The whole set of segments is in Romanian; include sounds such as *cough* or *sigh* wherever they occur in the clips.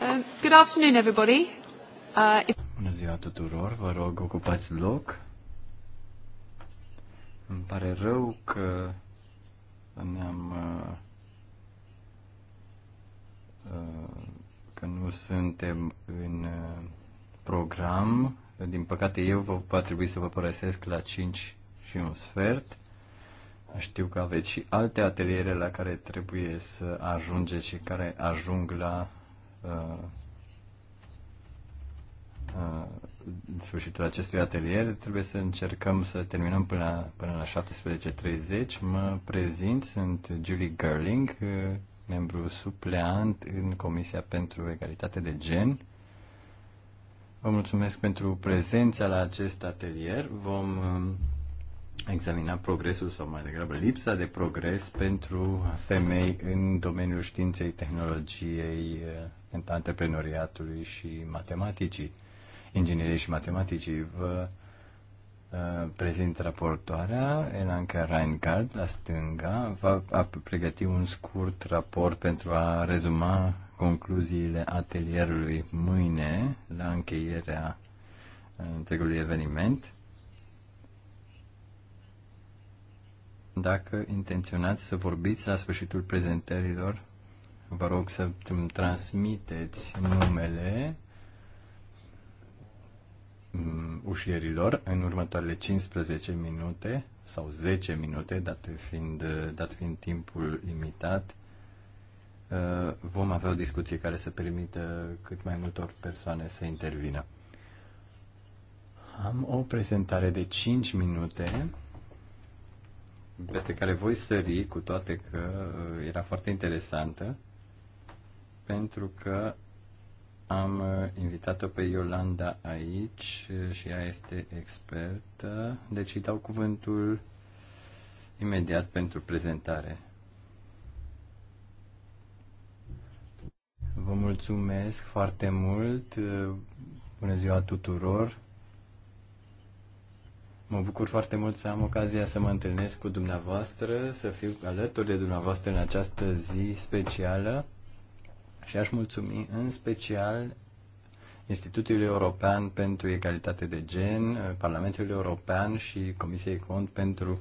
Um, good afternoon, everybody. Uh, Bună ziua tuturor, vă rog, ocupați loc. Îmi pare rău că ne-am uh, uh, că nu suntem în program. Din păcate eu vă, va trebui să vă părăsesc la 5 și un sfert. Știu că aveți și alte ateliere la care trebuie să ajungeți și care ajung la uh, uh, sfârșitul acestui atelier. Trebuie să încercăm să terminăm până la, până la 17.30. Mă prezint, sunt Julie Gerling, uh, membru supleant în Comisia pentru Egalitate de Gen. Vă mulțumesc pentru prezența la acest atelier. Vom uh, examina progresul sau mai degrabă lipsa de progres pentru femei în domeniul științei, tehnologiei, eh, antreprenoriatului și matematicii, ingineriei și matematicii. Vă eh, prezint raportoarea, Elanca Reingard, la stânga, va a pregăti un scurt raport pentru a rezuma concluziile atelierului mâine, la încheierea eh, întregului eveniment. Dacă intenționați să vorbiți la sfârșitul prezentărilor, vă rog să îmi transmiteți numele mm, ușierilor în următoarele 15 minute sau 10 minute, dat fiind, dat fiind timpul limitat, uh, vom avea o discuție care să permită cât mai multor persoane să intervină. Am o prezentare de 5 minute peste care voi sări, cu toate că uh, era foarte interesantă, pentru că am uh, invitat-o pe Iolanda aici uh, și ea este expertă, deci îi dau cuvântul imediat pentru prezentare. Vă mulțumesc foarte mult. Bună ziua tuturor. Mă bucur foarte mult să am ocazia să mă întâlnesc cu dumneavoastră, să fiu alături de dumneavoastră în această zi specială și aș mulțumi în special institutul European pentru Egalitate de Gen, parlamentul European și Comisiei Cont pentru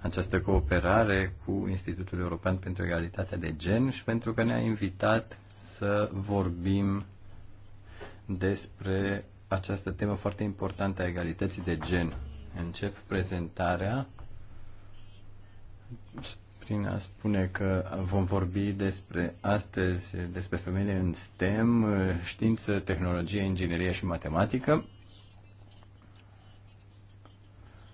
această cooperare cu Institutul European pentru Egalitatea de Gen și pentru că ne-a invitat să vorbim despre această temă foarte importantă a egalității de gen încep prezentarea prin a spune că vom vorbi despre astăzi despre femeile în STEM, știință, tehnologie, inginerie și matematică.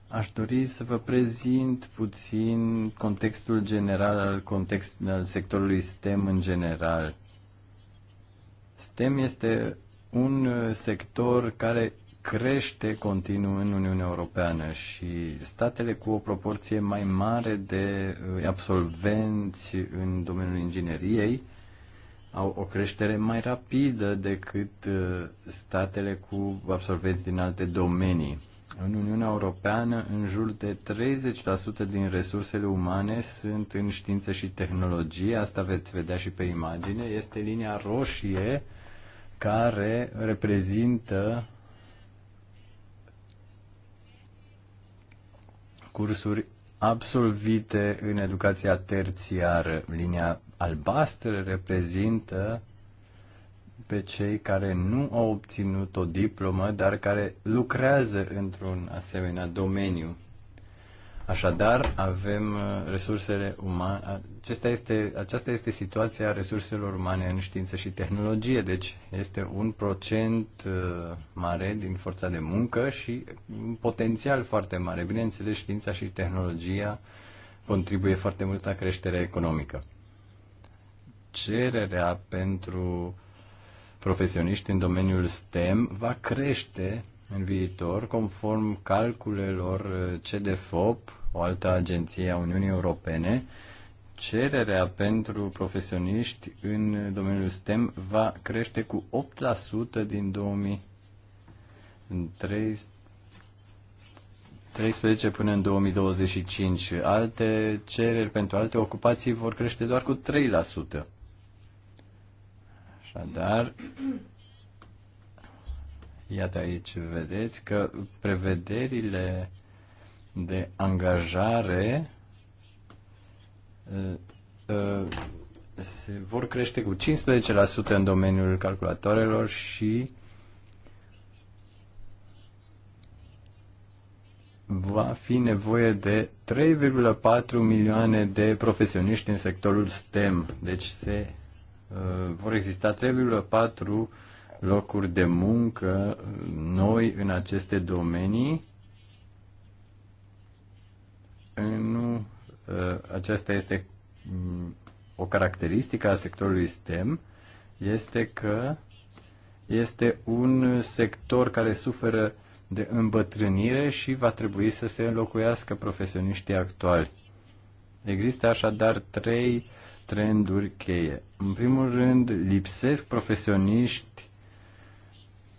Aș dori să vă prezint puțin contextul general al, context, al sectorului STEM în general. STEM este un sector care crește continuu în Uniunea Europeană și statele cu o proporție mai mare de uh, absolvenți în domeniul ingineriei au o creștere mai rapidă decât uh, statele cu absolvenți din alte domenii. În Uniunea Europeană, în jur de 30% din resursele umane sunt în știință și tehnologie, asta veți vedea și pe imagine, este linia roșie care reprezintă cursuri absolvite în educația terțiară. Linia albastră reprezintă pe cei care nu au obținut o diplomă, dar care lucrează într-un asemenea domeniu. Așadar, avem uh, resursele umane. Acesta este, aceasta este situația resurselor umane în știință și tehnologie, deci este un procent uh, mare din forța de muncă și un potențial foarte mare. Bineînțeles, știința și tehnologia contribuie foarte mult la creșterea economică. Cererea pentru profesioniști în domeniul STEM va crește în viitor, conform calculelor eh, CDFOP, o altă agenție a Uniunii Europene, cererea pentru profesioniști în domeniul STEM va crește cu 8% din 2013 până în 2025. Alte cereri pentru alte ocupații vor crește doar cu 3%. Așadar, Iată aici, vedeți că prevederile de angajare uh, uh, se vor crește cu 15% în domeniul calculatoarelor și va fi nevoie de 3,4 milioane de profesioniști în sectorul STEM. Deci se, uh, vor exista 3,4 locuri de muncă noi în aceste domenii. Nu, ă, aceasta este o caracteristică a sectorului STEM, este că este un sector care suferă de îmbătrânire și va trebui să se înlocuiască profesioniștii actuali. Există așadar trei trenduri cheie. În primul rând, lipsesc profesioniști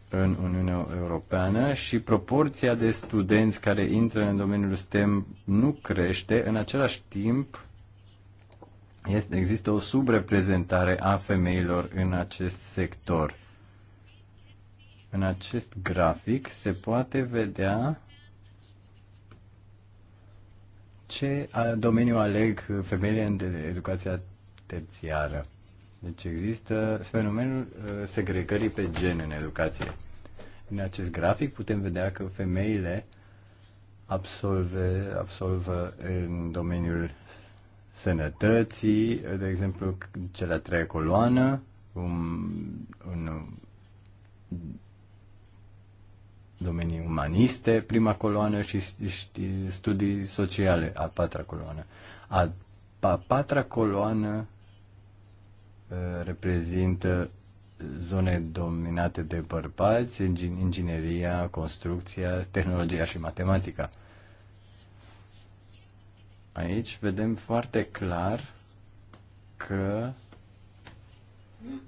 în Uniunea Europeană și proporția de studenți care intră în domeniul STEM nu crește, în același timp este, există o subreprezentare a femeilor în acest sector. În acest grafic se poate vedea ce domeniu aleg femeile în educația terțiară. Deci există fenomenul uh, segregării pe gen în educație. În acest grafic putem vedea că femeile absolve, absolvă în domeniul sănătății, de exemplu, cea treia coloană, un, un domenii umaniste, prima coloană și, și studii sociale, a patra coloană. A, a patra coloană Uh, reprezintă zone dominate de bărbați, ingineria, construcția, tehnologia și matematica. Aici vedem foarte clar că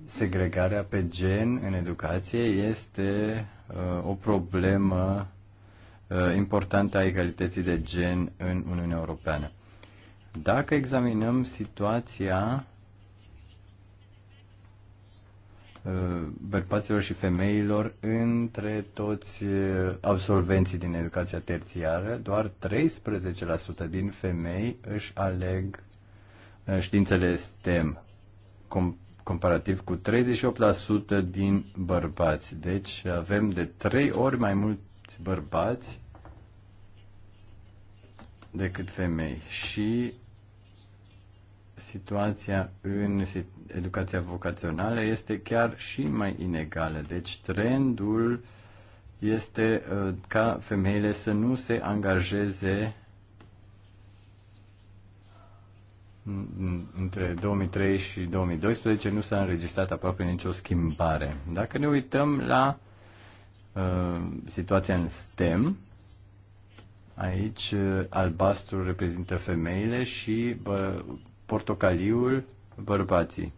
segregarea pe gen în educație este uh, o problemă uh, importantă a egalității de gen în Uniunea Europeană. Dacă examinăm situația Uh, bărbaților și femeilor între toți uh, absolvenții din educația terțiară. Doar 13% din femei își aleg uh, științele STEM, comparativ cu 38% din bărbați. Deci avem de 3 ori mai mulți bărbați decât femei. Și situația în educația vocațională este chiar și mai inegală. Deci trendul este uh, ca femeile să nu se angajeze între 2003 și 2012 nu s-a înregistrat aproape nicio schimbare. Dacă ne uităm la uh, situația în STEM, aici uh, albastru reprezintă femeile și bă, portocaliul bărbații.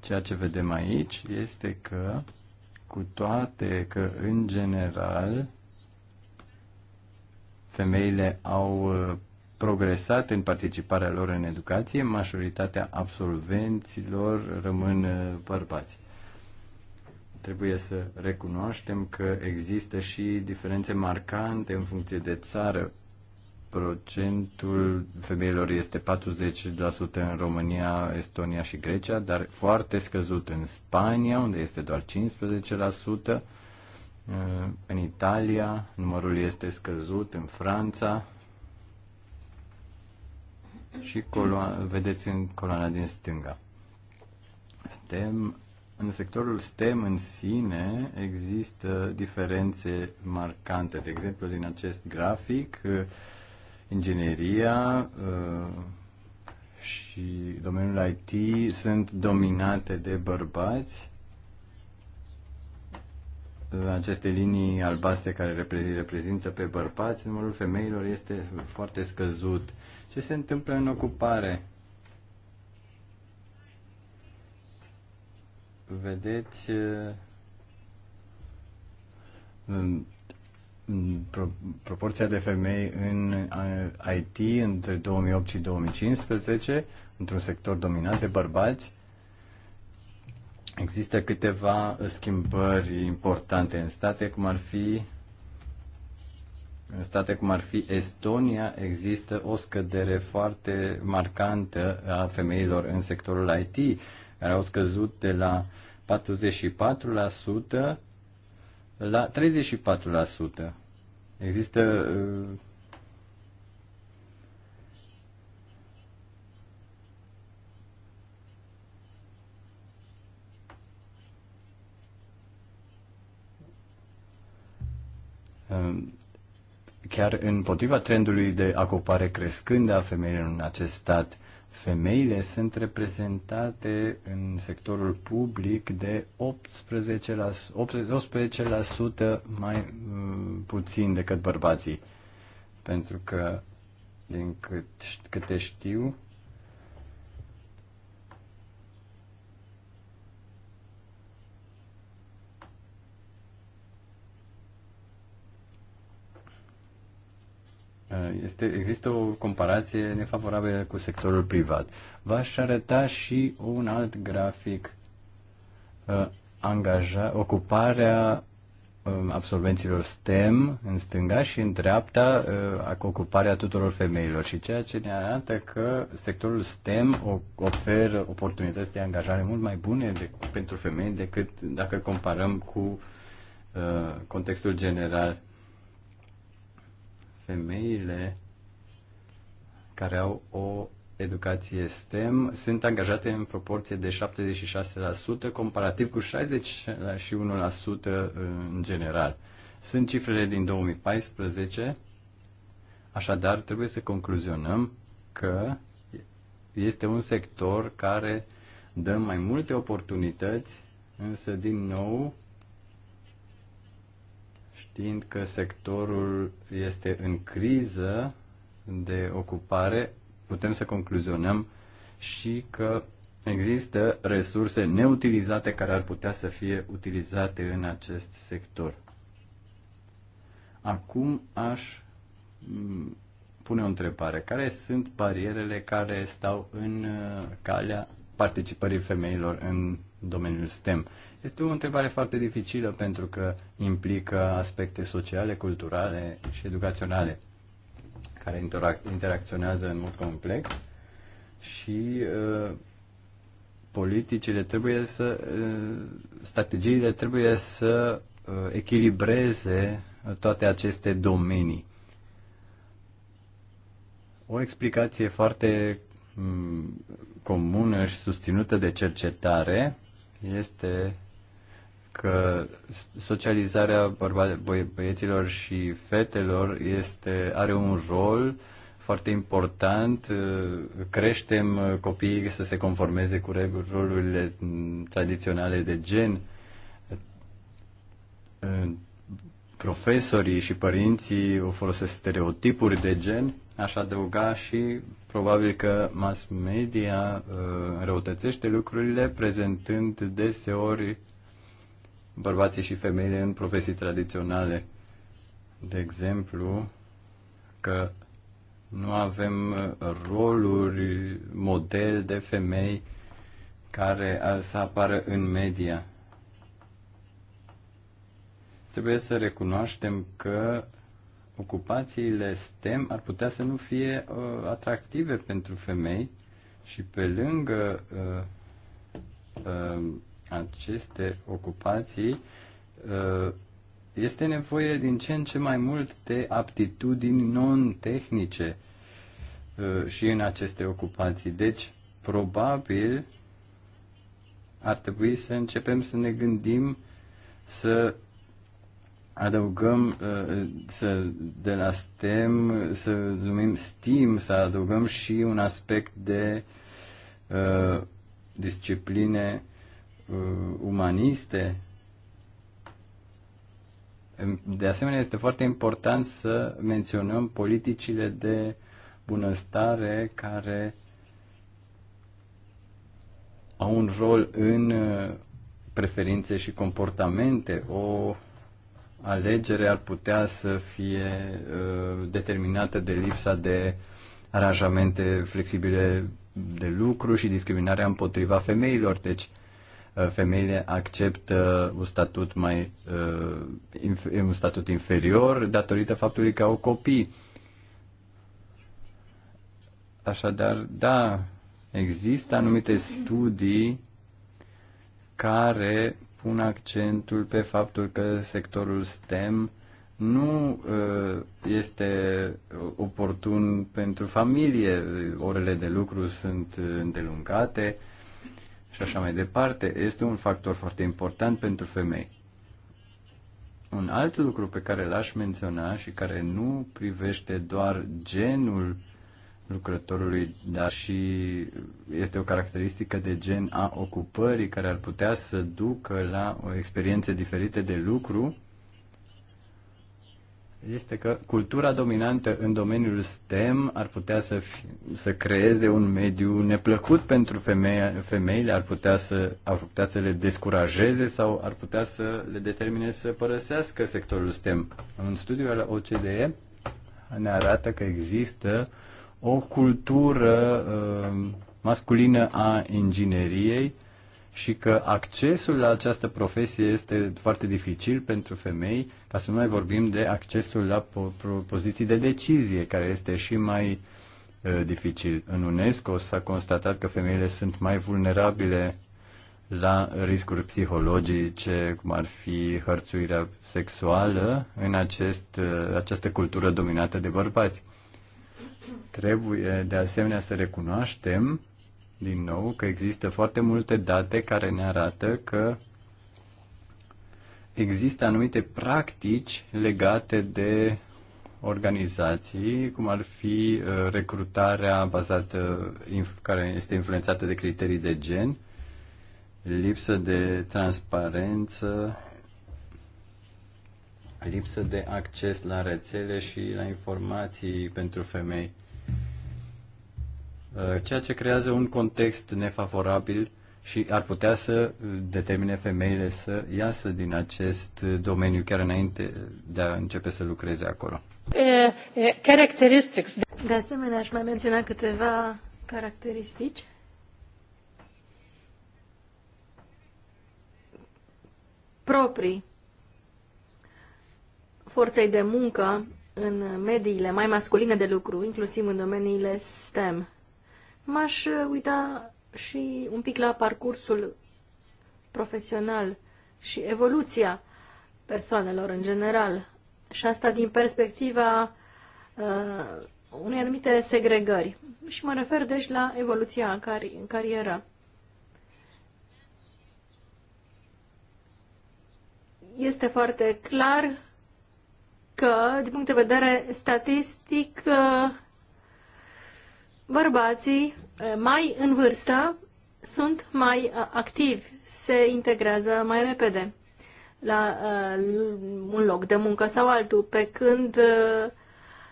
Ceea ce vedem aici este că, cu toate că, în general, femeile au uh, progresat în participarea lor în educație, majoritatea absolvenților rămân uh, bărbați. Trebuie să recunoaștem că există și diferențe marcante în funcție de țară procentul femeilor este 40% în România, Estonia și Grecia, dar foarte scăzut în Spania, unde este doar 15%, în Italia, numărul este scăzut în Franța și colo- vedeți în coloana din stânga. STEM, în sectorul STEM în sine există diferențe marcante. De exemplu, din acest grafic, ingineria uh, și domeniul IT sunt dominate de bărbați. Uh, aceste linii albastre care reprezintă pe bărbați, numărul femeilor este foarte scăzut. Ce se întâmplă în ocupare? Vedeți uh, proporția de femei în IT între 2008 și 2015, într-un sector dominat de bărbați, există câteva schimbări importante în state, cum ar fi în state cum ar fi Estonia, există o scădere foarte marcantă a femeilor în sectorul IT, care au scăzut de la 44% la 34%. Există uh, chiar împotriva trendului de acopare crescând a femeilor în acest stat, Femeile sunt reprezentate în sectorul public de 18%, 18 mai mm, puțin decât bărbații. Pentru că, din cât, câte știu, Uh, este, există o comparație nefavorabilă cu sectorul privat. V-aș arăta și un alt grafic uh, angaja, ocuparea uh, absolvenților STEM în stânga și în dreapta ocuparea tuturor femeilor și ceea ce ne arată că sectorul STEM oferă oportunități de angajare mult mai bune de, pentru femei decât dacă comparăm cu contextul general femeile care au o educație STEM sunt angajate în proporție de 76% comparativ cu 61% în general. Sunt cifrele din 2014, așadar trebuie să concluzionăm că este un sector care dă mai multe oportunități, însă din nou știind că sectorul este în criză de ocupare, putem să concluzionăm și că există resurse neutilizate care ar putea să fie utilizate în acest sector. Acum aș mm, pune o întrebare. Care sunt barierele care stau în uh, calea participării femeilor în domeniul STEM. Este o întrebare foarte dificilă pentru că implică aspecte sociale, culturale și educaționale care interac- interacționează în mod complex și uh, politicile trebuie să, uh, strategiile trebuie să uh, echilibreze toate aceste domenii. O explicație foarte mm, comună și susținută de cercetare este că socializarea băieților și fetelor este, are un rol foarte important. Creștem copiii să se conformeze cu rolurile tradiționale de gen. Profesorii și părinții folosesc stereotipuri de gen Aș adăuga și probabil că mass media uh, răutățește lucrurile prezentând deseori bărbații și femeile în profesii tradiționale. De exemplu, că nu avem uh, roluri, model de femei care să apară în media. Trebuie să recunoaștem că ocupațiile STEM ar putea să nu fie uh, atractive pentru femei și pe lângă uh, uh, aceste ocupații uh, este nevoie din ce în ce mai mult de aptitudini non-tehnice uh, și în aceste ocupații. Deci, probabil ar trebui să începem să ne gândim să adăugăm uh, să, de la STEM, să numim STEAM, să adăugăm și un aspect de uh, discipline uh, umaniste. De asemenea, este foarte important să menționăm politicile de bunăstare care au un rol în uh, preferințe și comportamente, o alegere ar putea să fie uh, determinată de lipsa de aranjamente flexibile de lucru și discriminarea împotriva femeilor. Deci, uh, femeile acceptă un statut mai uh, un statut inferior datorită faptului că au copii. Așadar, da, există anumite studii care pun accentul pe faptul că sectorul STEM nu uh, este oportun pentru familie, orele de lucru sunt uh, îndelungate și așa mai departe. Este un factor foarte important pentru femei. Un alt lucru pe care l-aș menționa și care nu privește doar genul lucrătorului, dar și este o caracteristică de gen a ocupării care ar putea să ducă la o experiențe diferite de lucru, este că cultura dominantă în domeniul STEM ar putea să, fi, să creeze un mediu neplăcut pentru femeia, femeile, ar putea, să, ar putea să le descurajeze sau ar putea să le determine să părăsească sectorul STEM. Un studiu al OCDE ne arată că există o cultură uh, masculină a ingineriei și că accesul la această profesie este foarte dificil pentru femei, ca să nu mai vorbim de accesul la poziții de decizie, care este și mai uh, dificil. În UNESCO s-a constatat că femeile sunt mai vulnerabile la riscuri psihologice, cum ar fi hărțuirea sexuală, în acest, uh, această cultură dominată de bărbați. Trebuie de asemenea să recunoaștem din nou că există foarte multe date care ne arată că există anumite practici legate de organizații, cum ar fi uh, recrutarea bazată, care este influențată de criterii de gen, lipsă de transparență lipsă de acces la rețele și la informații pentru femei, uh, ceea ce creează un context nefavorabil și ar putea să determine femeile să iasă din acest domeniu chiar înainte de a începe să lucreze acolo. Characteristics. De asemenea, aș mai menționa câteva caracteristici. proprii forței de muncă în mediile mai masculine de lucru, inclusiv în domeniile STEM. M-aș uita și un pic la parcursul profesional și evoluția persoanelor în general. Și asta din perspectiva uh, unei anumite segregări. Și mă refer deci la evoluția în, car- în carieră. Este foarte clar că, din punct de vedere statistic, uh, bărbații uh, mai în vârstă sunt mai uh, activi, se integrează mai repede la un loc de muncă sau altul, pe când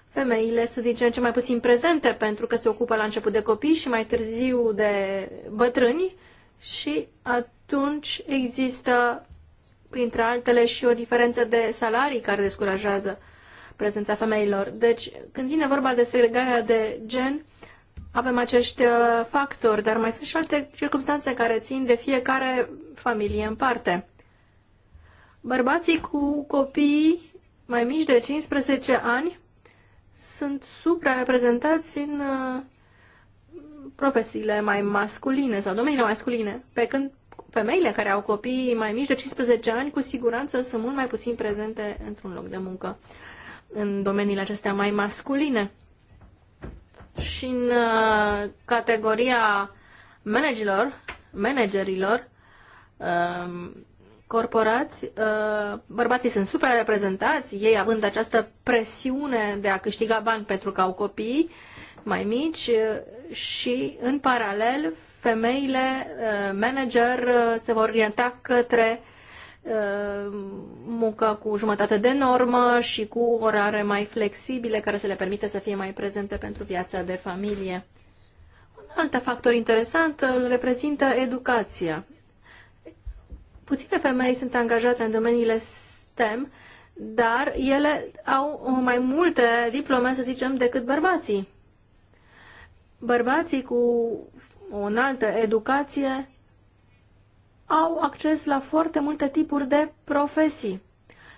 femeile sunt din ce în ce mai puțin prezente pentru că se ocupă la început de copii și mai târziu de bătrâni și atunci există printre altele și o diferență de salarii care descurajează prezența femeilor. Deci, când vine vorba de segregarea de gen, avem acești uh, factori, dar mai sunt și alte circunstanțe care țin de fiecare familie în parte. Bărbații cu copii mai mici de 15 ani sunt suprareprezentați în uh, profesiile mai masculine sau domeniile masculine, pe când femeile care au copii mai mici de 15 ani, cu siguranță sunt mult mai puțin prezente într-un loc de muncă în domeniile acestea mai masculine. Și în uh, categoria managerilor, managerilor um, corporați, uh, bărbații sunt super reprezentați, ei având această presiune de a câștiga bani pentru că au copii mai mici uh, și, în paralel, femeile uh, manager uh, se vor orienta către uh, muncă cu jumătate de normă și cu orare mai flexibile care să le permite să fie mai prezente pentru viața de familie. Un alt factor interesant îl reprezintă educația. Puține femei sunt angajate în domeniile STEM, dar ele au mai multe diplome, să zicem, decât bărbații. Bărbații cu o înaltă educație au acces la foarte multe tipuri de profesii.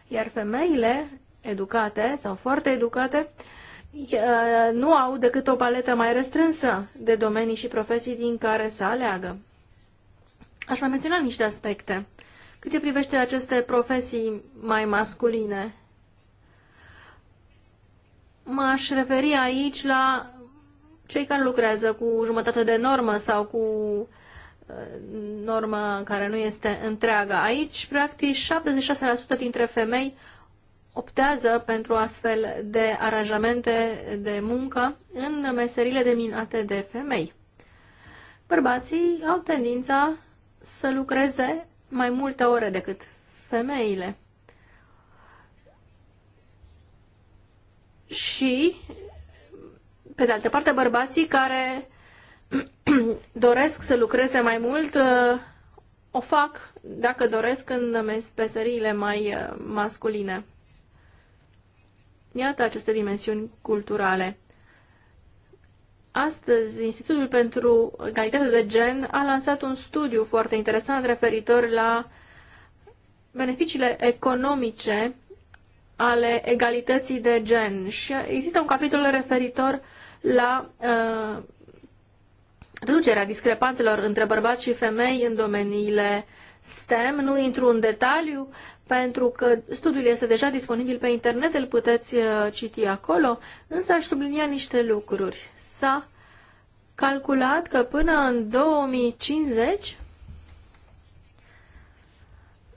Iar femeile educate sau foarte educate nu au decât o paletă mai restrânsă de domenii și profesii din care să aleagă. Aș mai menționa niște aspecte. Cât ce privește aceste profesii mai masculine, m-aș referi aici la cei care lucrează cu jumătate de normă sau cu uh, normă care nu este întreagă. Aici, practic, 76% dintre femei optează pentru astfel de aranjamente de muncă în meserile deminate de femei. Bărbații au tendința să lucreze mai multe ore decât femeile. Și pe de altă parte, bărbații care *clears throat* doresc să lucreze mai mult uh, o fac dacă doresc în meseriile mai uh, masculine. Iată aceste dimensiuni culturale. Astăzi, Institutul pentru Egalitate de Gen a lansat un studiu foarte interesant referitor la beneficiile economice ale egalității de gen și există un capitol referitor la uh, reducerea discrepanțelor între bărbați și femei în domeniile STEM. Nu intru în detaliu, pentru că studiul este deja disponibil pe internet, îl puteți uh, citi acolo, însă aș sublinia niște lucruri. S-a calculat că până în 2050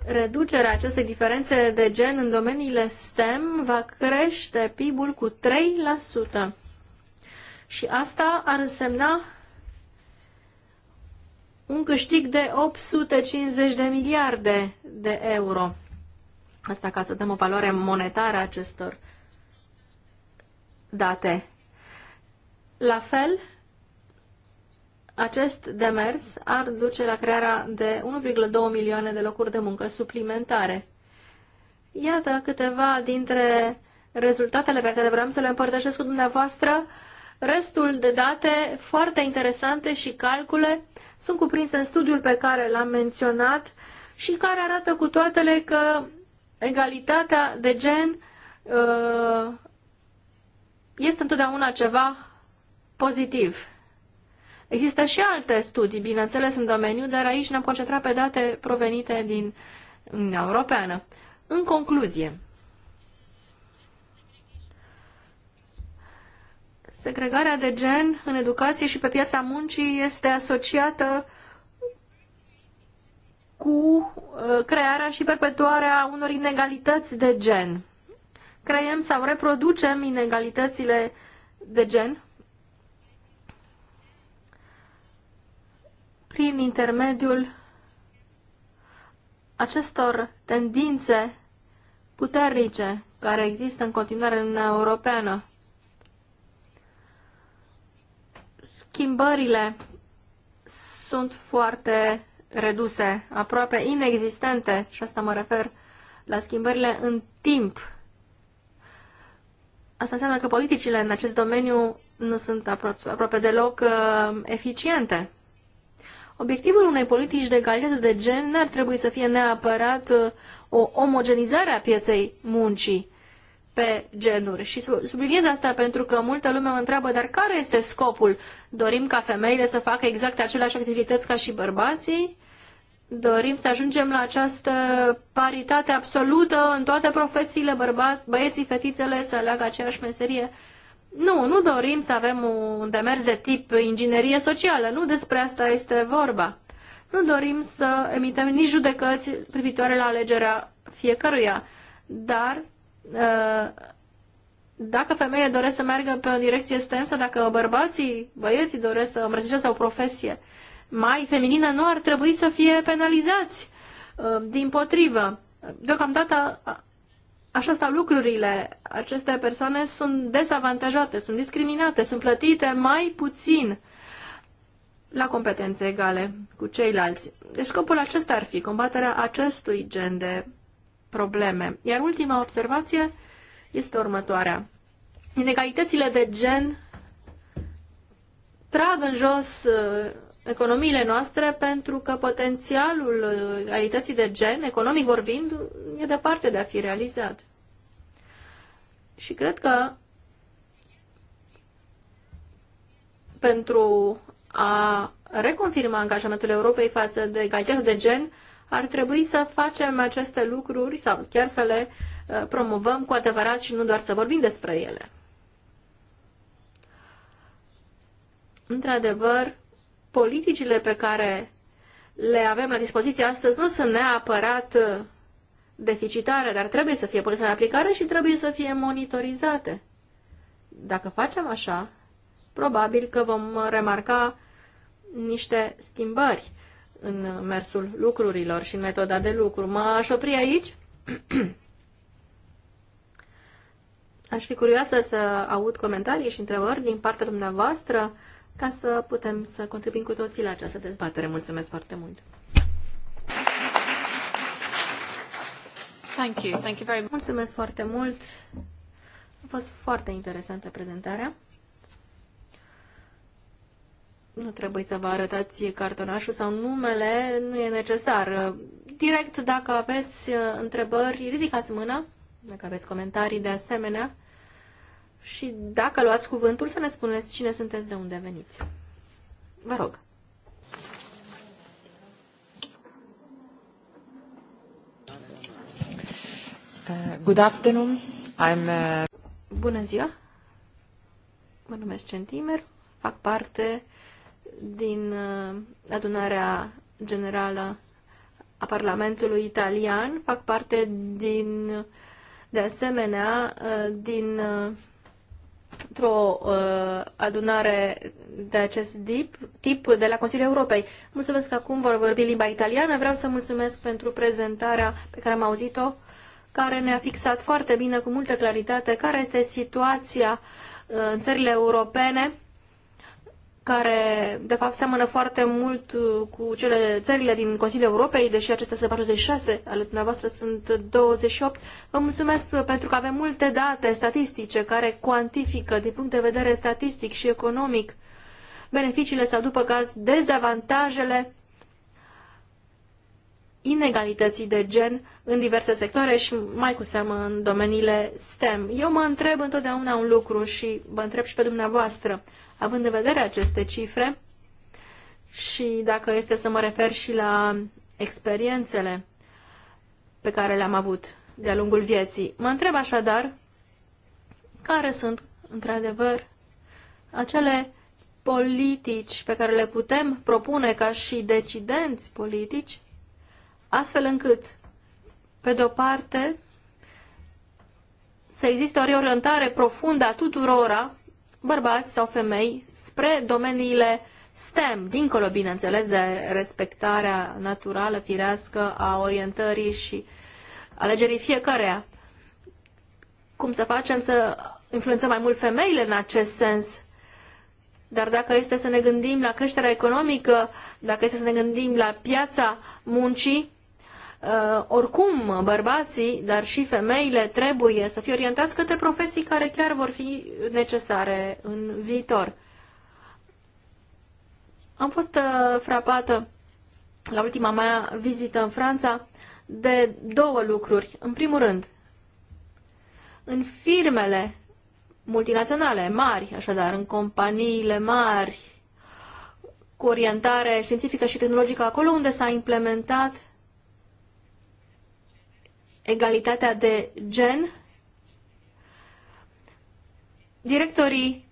reducerea acestei diferențe de gen în domeniile STEM va crește PIB-ul cu 3%. Și asta ar însemna un câștig de 850 de miliarde de euro. Asta ca să dăm o valoare monetară acestor date. La fel, acest demers ar duce la crearea de 1,2 milioane de locuri de muncă suplimentare. Iată câteva dintre rezultatele pe care vreau să le împărtășesc cu dumneavoastră Restul de date foarte interesante și calcule sunt cuprinse în studiul pe care l-am menționat și care arată cu toatele că egalitatea de gen uh, este întotdeauna ceva pozitiv. Există și alte studii, bineînțeles, în domeniu, dar aici ne-am concentrat pe date provenite din Uniunea Europeană. În concluzie, Segregarea de gen în educație și pe piața muncii este asociată cu uh, crearea și perpetuarea unor inegalități de gen. Creăm sau reproducem inegalitățile de gen prin intermediul acestor tendințe puternice care există în continuare în Uniunea Europeană. schimbările sunt foarte reduse, aproape inexistente, și asta mă refer la schimbările în timp. Asta înseamnă că politicile în acest domeniu nu sunt aproape, aproape deloc uh, eficiente. Obiectivul unei politici de calitate de gen n-ar trebui să fie neapărat uh, o omogenizare a pieței muncii, pe genuri. Și subliniez asta pentru că multă lume mă întreabă, dar care este scopul? Dorim ca femeile să facă exact aceleași activități ca și bărbații? Dorim să ajungem la această paritate absolută în toate profesiile, bărbați, băieții, fetițele să aleagă aceeași meserie? Nu, nu dorim să avem un demers de tip inginerie socială, nu despre asta este vorba. Nu dorim să emitem nici judecăți privitoare la alegerea fiecăruia, dar Uh, dacă femeile doresc să meargă pe o direcție STEM sau dacă bărbații, băieții doresc să îmbrățișeze o profesie mai feminină, nu ar trebui să fie penalizați. Uh, din potrivă, deocamdată așa stau lucrurile. Aceste persoane sunt dezavantajate, sunt discriminate, sunt plătite mai puțin la competențe egale cu ceilalți. Deci scopul acesta ar fi combaterea acestui gen de probleme. Iar ultima observație este următoarea. Inegalitățile de gen trag în jos uh, economiile noastre pentru că potențialul uh, egalității de gen, economic vorbind, e departe de a fi realizat. Și cred că pentru a reconfirma angajamentul Europei față de egalitatea de gen, ar trebui să facem aceste lucruri sau chiar să le uh, promovăm cu adevărat și nu doar să vorbim despre ele. Într-adevăr, politicile pe care le avem la dispoziție astăzi nu sunt neapărat uh, deficitare, dar trebuie să fie puse în aplicare și trebuie să fie monitorizate. Dacă facem așa, probabil că vom remarca niște schimbări în mersul lucrurilor și în metoda de lucru. Mă aș opri aici? *clears throat* Aș fi curioasă să aud comentarii și întrebări din partea dumneavoastră ca să putem să contribuim cu toții la această dezbatere. Mulțumesc foarte mult! Thank you. Thank you very much. Mulțumesc foarte mult! A fost foarte interesantă prezentarea nu trebuie să vă arătați cartonașul sau numele, nu e necesar. Direct, dacă aveți uh, întrebări, ridicați mâna, dacă aveți comentarii de asemenea și dacă luați cuvântul, să ne spuneți cine sunteți, de unde veniți. Vă rog. Uh, good afternoon. I'm, uh... Bună ziua! Mă numesc Centimer, fac parte din uh, adunarea generală a Parlamentului italian, fac parte din, de asemenea uh, din uh, într-o uh, adunare de acest tip, tip de la Consiliul Europei. Mulțumesc că acum vor vorbi limba italiană. Vreau să mulțumesc pentru prezentarea pe care am auzit-o, care ne-a fixat foarte bine, cu multă claritate, care este situația uh, în țările europene care de fapt seamănă foarte mult uh, cu cele țările din Consiliul Europei, deși acestea sunt 46, ale dumneavoastră sunt 28. Vă mulțumesc uh, pentru că avem multe date statistice care cuantifică din punct de vedere statistic și economic beneficiile sau după caz dezavantajele inegalității de gen în diverse sectoare și mai cu seamă în domeniile STEM. Eu mă întreb întotdeauna un lucru și vă întreb și pe dumneavoastră, având în vedere aceste cifre și dacă este să mă refer și la experiențele pe care le-am avut de-a lungul vieții. Mă întreb așadar care sunt, într-adevăr, acele politici pe care le putem propune ca și decidenți politici astfel încât, pe de-o parte, să existe o reorientare profundă a tuturora, bărbați sau femei, spre domeniile STEM, dincolo, bineînțeles, de respectarea naturală, firească a orientării și alegerii fiecăreia. Cum să facem să influențăm mai mult femeile în acest sens? Dar dacă este să ne gândim la creșterea economică, dacă este să ne gândim la piața muncii, Uh, oricum, bărbații, dar și femeile trebuie să fie orientați către profesii care chiar vor fi necesare în viitor. Am fost uh, frapată la ultima mea vizită în Franța de două lucruri. În primul rând, în firmele multinaționale mari, așadar, în companiile mari, cu orientare științifică și tehnologică, acolo unde s-a implementat egalitatea de gen, directorii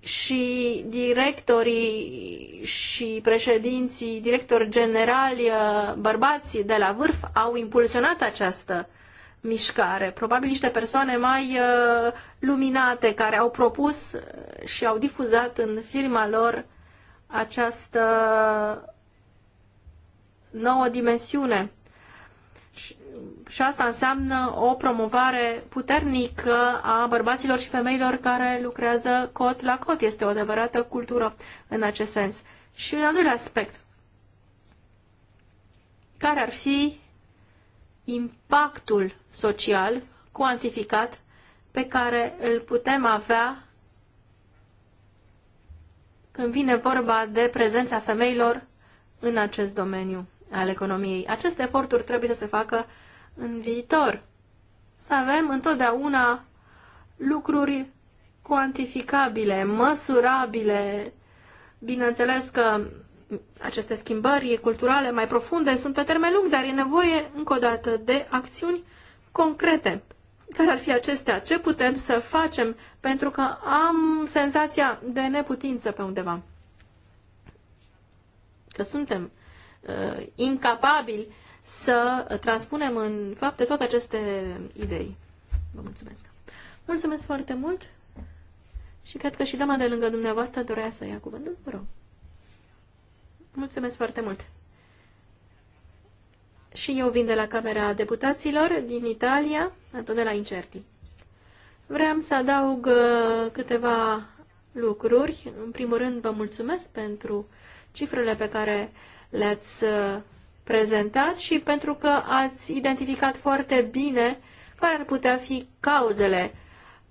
și directorii și președinții, directori generali, uh, bărbații de la vârf au impulsionat această mișcare. Probabil niște persoane mai uh, luminate care au propus uh, și au difuzat în firma lor această nouă dimensiune și, și asta înseamnă o promovare puternică a bărbaților și femeilor care lucrează cot la cot. Este o adevărată cultură în acest sens. Și un al doilea aspect. Care ar fi impactul social cuantificat pe care îl putem avea când vine vorba de prezența femeilor în acest domeniu al economiei. Aceste eforturi trebuie să se facă în viitor. Să avem întotdeauna lucruri cuantificabile, măsurabile. Bineînțeles că aceste schimbări culturale mai profunde sunt pe termen lung, dar e nevoie încă o dată de acțiuni concrete. Care ar fi acestea? Ce putem să facem? Pentru că am senzația de neputință pe undeva. Că suntem uh, incapabili să transpunem în fapte toate aceste idei. Vă mulțumesc! Mulțumesc foarte mult și cred că și doamna de lângă dumneavoastră dorea să ia cuvântul. Vă rog! Mulțumesc foarte mult! Și eu vin de la Camera Deputaților din Italia, Antonella Incerti. Vreau să adaug uh, câteva lucruri. În primul rând, vă mulțumesc pentru cifrele pe care uh, le-ați uh, prezentat și pentru că ați identificat foarte bine care ar putea fi cauzele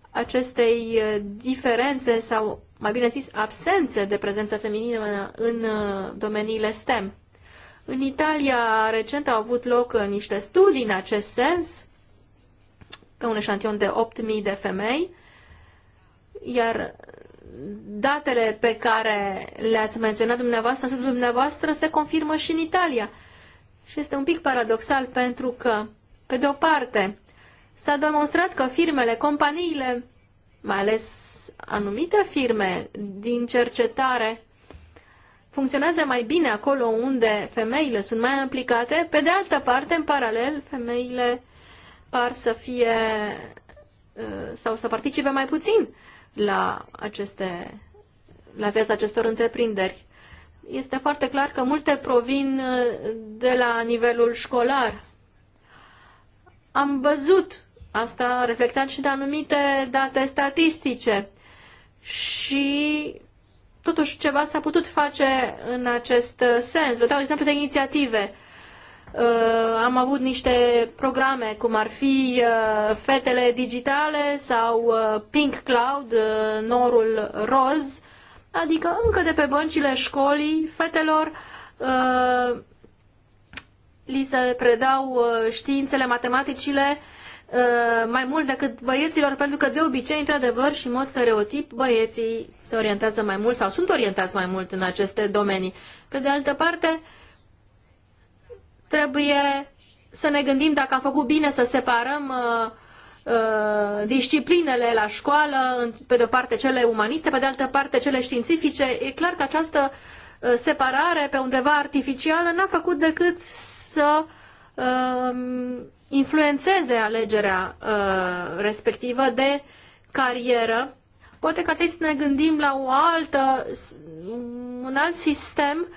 acestei uh, diferențe sau, mai bine zis, absențe de prezență feminină în uh, domeniile STEM. În Italia, recent au avut loc niște studii în acest sens, pe un eșantion de 8.000 de femei, iar datele pe care le-ați menționat dumneavoastră, sub dumneavoastră, se confirmă și în Italia. Și este un pic paradoxal pentru că, pe de o parte, s-a demonstrat că firmele, companiile, mai ales anumite firme din cercetare, funcționează mai bine acolo unde femeile sunt mai implicate, pe de altă parte, în paralel, femeile par să fie uh, sau să participe mai puțin la, aceste, la viața acestor întreprinderi. Este foarte clar că multe provin uh, de la nivelul școlar. Am văzut asta reflectat și de anumite date statistice și totuși ceva s-a putut face în acest sens. Vă dau exemplu de inițiative Uh, am avut niște programe, cum ar fi uh, Fetele Digitale sau uh, Pink Cloud, Norul Roz, adică încă de pe băncile școlii fetelor li se predau științele, matematicile mai mult decât băieților, pentru că de obicei, într-adevăr, și în mod stereotip, băieții se orientează mai mult sau sunt orientați mai mult în aceste domenii. Pe de altă parte, uh, Trebuie să ne gândim dacă am făcut bine să separăm uh, uh, disciplinele la școală, pe de-o parte cele umaniste, pe de altă parte cele științifice. E clar că această uh, separare pe undeva artificială n-a făcut decât să um, influențeze alegerea respectivă de carieră. Poate că ar trebui să ne gândim la o altă, un alt sistem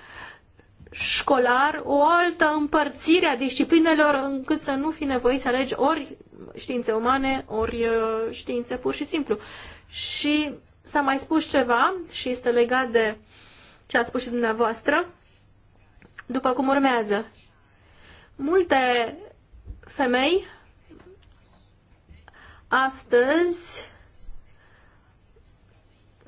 școlar o altă împărțire a disciplinelor încât să nu fi nevoit să alegi ori științe umane, ori uh, științe pur și simplu. Și s-a mai spus ceva și este legat de ce ați spus și dumneavoastră, după cum urmează. Multe femei astăzi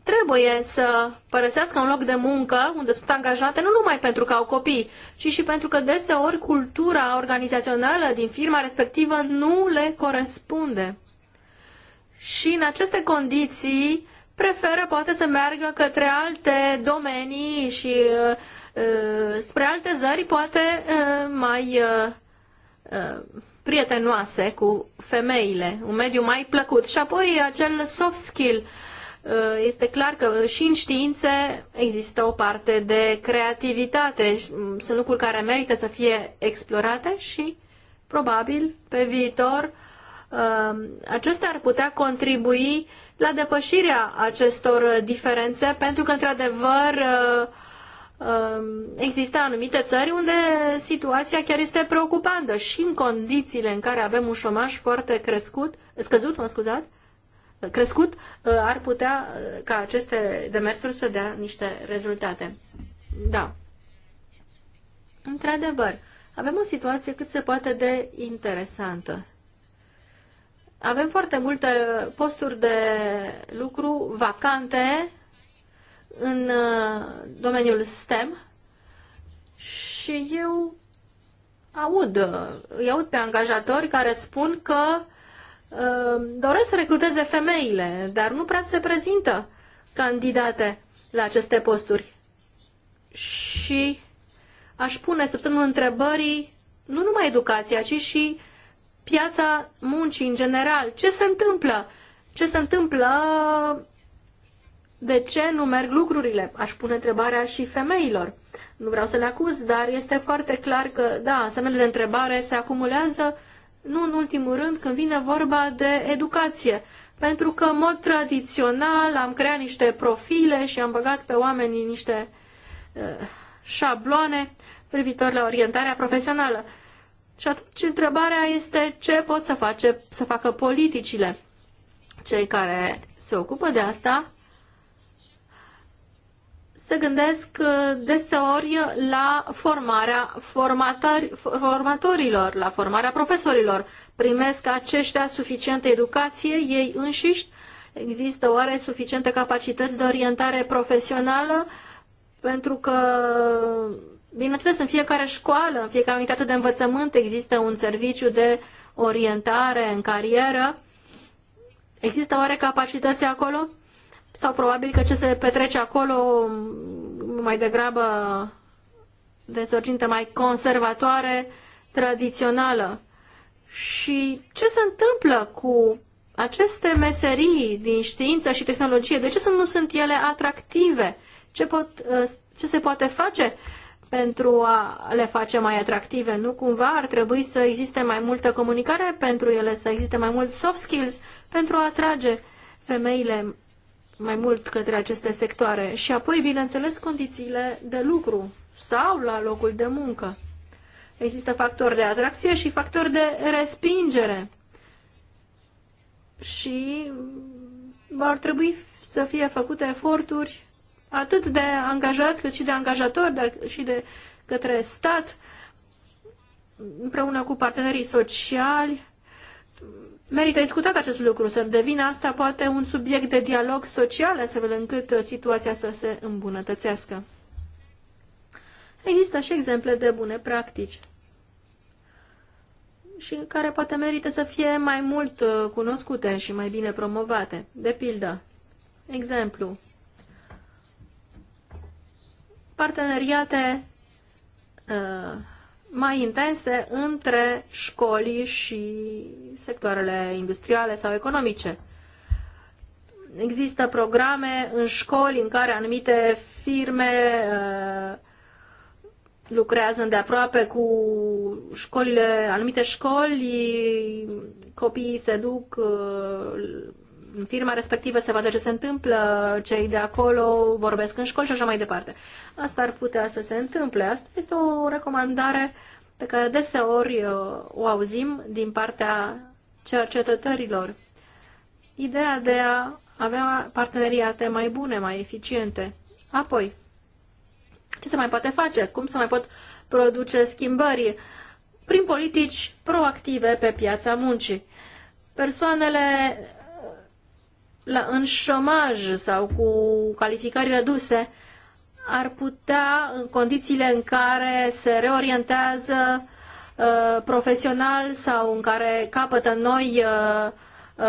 trebuie să părăsească un loc de muncă unde sunt angajate nu numai pentru că au copii, ci și pentru că deseori cultura organizațională din firma respectivă nu le corespunde. Și în aceste condiții preferă poate să meargă către alte domenii și uh, uh spre alte zări poate uh, mai uh, uh, prietenoase cu femeile, un mediu mai plăcut. Și apoi acel soft skill Uh, este clar că și în științe există o parte de creativitate. Mm, sunt lucruri care merită să fie explorate și probabil pe viitor uh, acestea ar putea contribui la depășirea acestor diferențe, pentru că, într-adevăr, uh, există anumite țări unde situația chiar este preocupantă și în condițiile în care avem un șomaj foarte crescut, scăzut, mă scuzați, crescut, uh, ar putea uh, ca aceste demersuri să dea niște rezultate. Da. Într-adevăr, avem o situație cât se poate de interesantă. Avem foarte multe posturi de lucru vacante în uh, domeniul STEM și eu aud, îi aud pe angajatori care spun că uh, Ehm, doresc să recruteze femeile, dar nu prea se prezintă candidate la aceste posturi. Și aș pune sub semnul întrebării nu numai educația, ci și piața muncii în general. Ce se întâmplă? Ce se întâmplă? De ce nu merg lucrurile? Aș pune întrebarea și femeilor. Nu vreau să le acuz, dar este foarte clar că, da, semnele de întrebare se acumulează nu în ultimul rând când vine vorba de educație. Pentru că, în mod tradițional, am creat niște profile și am băgat pe oameni niște uh, șabloane privitor la orientarea profesională. Și atunci întrebarea este ce pot să, face, să facă politicile. Cei care se ocupă de asta se gândesc uh, deseori la formarea formatorilor, la formarea profesorilor. Primesc aceștia suficientă educație ei înșiși? Există oare suficiente capacități de orientare profesională? Pentru că, bineînțeles, în fiecare școală, în fiecare unitate de învățământ există un serviciu de orientare în carieră. Există oare capacități acolo? sau probabil că ce se petrece acolo mai degrabă de sorginte mai conservatoare, tradițională. Și ce se întâmplă cu aceste meserii din știință și tehnologie? De ce să nu sunt ele atractive? Ce, pot, ce se poate face pentru a le face mai atractive? Nu cumva ar trebui să existe mai multă comunicare pentru ele, să existe mai mult soft skills pentru a atrage femeile mai mult către aceste sectoare și apoi, bineînțeles, condițiile de lucru sau la locul de muncă. Există factori de atracție și factori de respingere. Și ar trebui să fie făcute eforturi atât de angajați cât și de angajatori, dar și de către stat, împreună cu partenerii sociali, Merită discutat acest lucru, să devină asta poate un subiect de dialog social, astfel încât uh, situația să se îmbunătățească. Există și exemple de bune practici și care poate merită să fie mai mult uh, cunoscute și mai bine promovate. De pildă, exemplu, parteneriate uh, mai intense între școli și sectoarele industriale sau economice. Există programe în școli în care anumite firme lucrează uh, lucrează îndeaproape cu școlile, anumite școli, copiii se duc uh, firma respectivă să vadă da ce se întâmplă, cei de acolo vorbesc în școli și așa mai departe. Asta ar putea să se întâmple. Asta este o recomandare pe care deseori uh, o auzim din partea cercetătorilor. Ideea de a avea parteneriate mai bune, mai eficiente. Apoi, ce se mai poate face? Cum se mai pot produce schimbări? Prin politici proactive pe piața muncii. Persoanele la, în șomaj sau cu calificări reduse ar putea, în condițiile în care se reorientează uh, profesional sau în care capătă noi uh, uh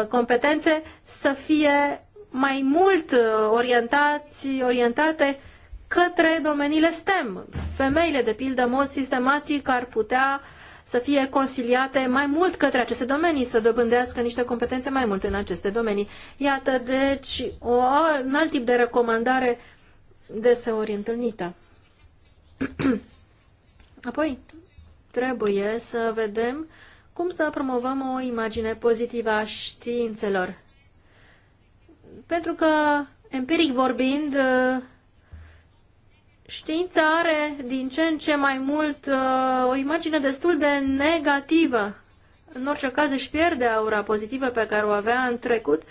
competențe, să fie mai mult uh, orientați, orientate către domeniile STEM. Femeile, de pildă, în mod sistematic ar putea uh, să fie consiliate mai mult către aceste domenii, să dobândească niște competențe mai multe în aceste domenii. Iată, deci, o, un alt tip de recomandare deseori întâlnită. *clears throat* Apoi, trebuie să vedem cum să promovăm o imagine pozitivă a științelor. Pentru că, empiric vorbind, Știința are din ce în ce mai mult uh, o imagine destul de negativă. În orice caz își pierde aura pozitivă pe care o avea în trecut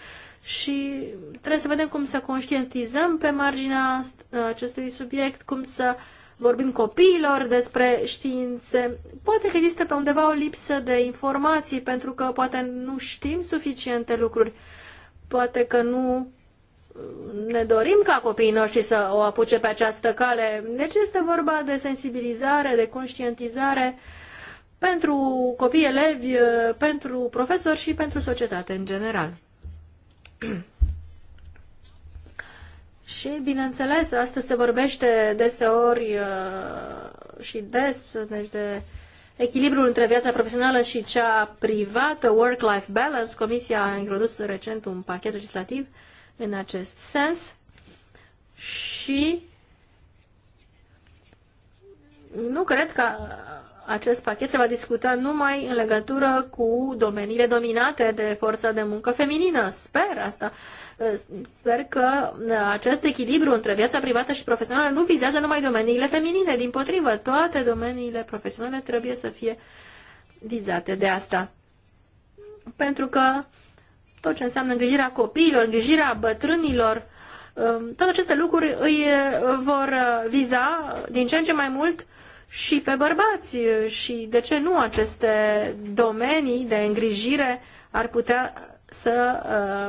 și trebuie să vedem cum să conștientizăm pe marginea uh, acestui subiect, cum să vorbim copiilor despre științe. Poate că există pe undeva o lipsă de informații pentru că poate nu știm suficiente lucruri, poate că nu ne dorim ca copiii noștri să o apuce pe această cale. Deci este vorba de sensibilizare, de conștientizare pentru copii elevi, pentru profesori și pentru societate în general. *clears throat* și, bineînțeles, astăzi se vorbește deseori uh, și des deci de echilibrul între viața profesională și cea privată, work-life balance. Comisia a introdus recent un pachet legislativ uh, în acest sens și nu cred că acest pachet se va discuta numai în legătură cu domeniile dominate de forța de muncă feminină. Sper asta. Sper că acest echilibru între viața privată și profesională nu vizează numai domeniile feminine. Din potrivă, toate domeniile profesionale trebuie să fie vizate de asta. Pentru că tot ce înseamnă îngrijirea copiilor, îngrijirea bătrânilor, um, toate aceste lucruri îi uh, vor uh, viza din ce în ce mai mult și pe bărbați și de ce nu aceste domenii de îngrijire ar putea să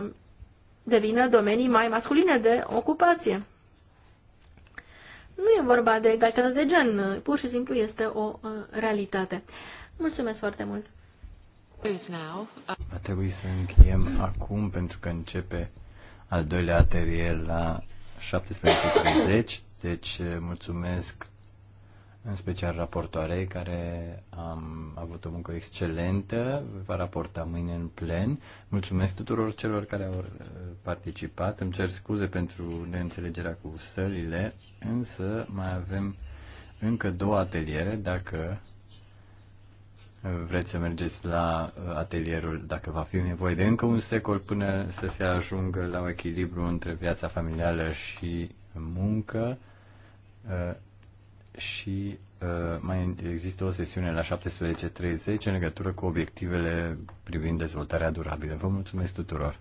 uh, devină domenii mai masculine de ocupație. Nu e vorba de egalitate de gen, pur și simplu este o realitate. Mulțumesc foarte mult! Va uh, trebui să încheiem acum pentru că începe al doilea atelier la 17.30, deci eh, mulțumesc în special raportoarei care am avut o muncă excelentă, va raporta mâine în plen. Mulțumesc tuturor celor care au eh, participat. Îmi cer scuze pentru neînțelegerea cu sălile, însă mai avem încă două ateliere dacă vreți să mergeți la uh, atelierul dacă va fi nevoie de încă un secol până să se ajungă la un echilibru între viața familială și muncă uh, și uh, mai există o sesiune la 17.30 în legătură cu obiectivele privind dezvoltarea durabilă. Vă mulțumesc tuturor!